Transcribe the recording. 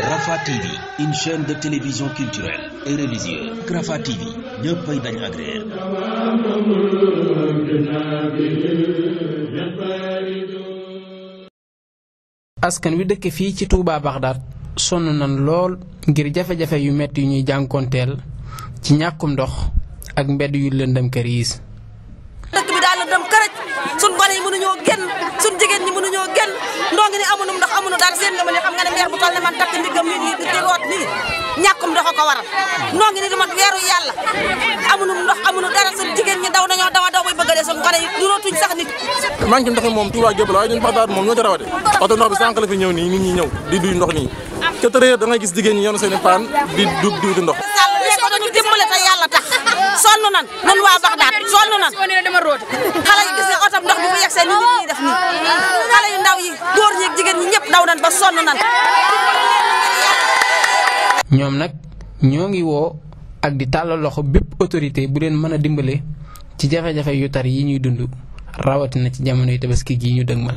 Rafah TV une chaîne de télévision culturelle et religieuse Rafah TV ñëppay dañ agréer askan wi dëkk fii ci Touba Bagdad sonn nan lool ngir jafe-jafe yu metti yu ñuy jànkoonteel ci ñàkkum ndox ak mbedd yu lëndëm këriis dëkk bi daal lëndëm kërëj suñ gone yi mënuñoo génn suñ jigéen ñi mënuñoo génn ndox nii amunum ndox amunu dara suñ jigéen ñi daw nañoo dawa daw bay bëgg dee suñ gone yi durootuñ sax nit manque ndox mi moom Touba Diop la waaye ñun Baxdaad moom ñoo ca rawate ndox bi sànq fi ñëw nii nit ñi ñëw di duy ndox nii ca tërëyër da gis jigéen ñi yoonu seen paan di du di ndox. sonn nan nun waa Baxdaad sonn nan xale yi gis nga oto ndox bi bu yegsee ni nit xale yu ndaw yi góor ñi ak jigéen ñi ñëpp daw nan ba sonn nan ñoom nag ñoo ngi woo ak di tàllal loxo bépp autorité bu leen mën a dimbale ci jafe-jafe yu tar yi ñuy dund rawatina ci jamonoy tabaski gi ñu dëgmal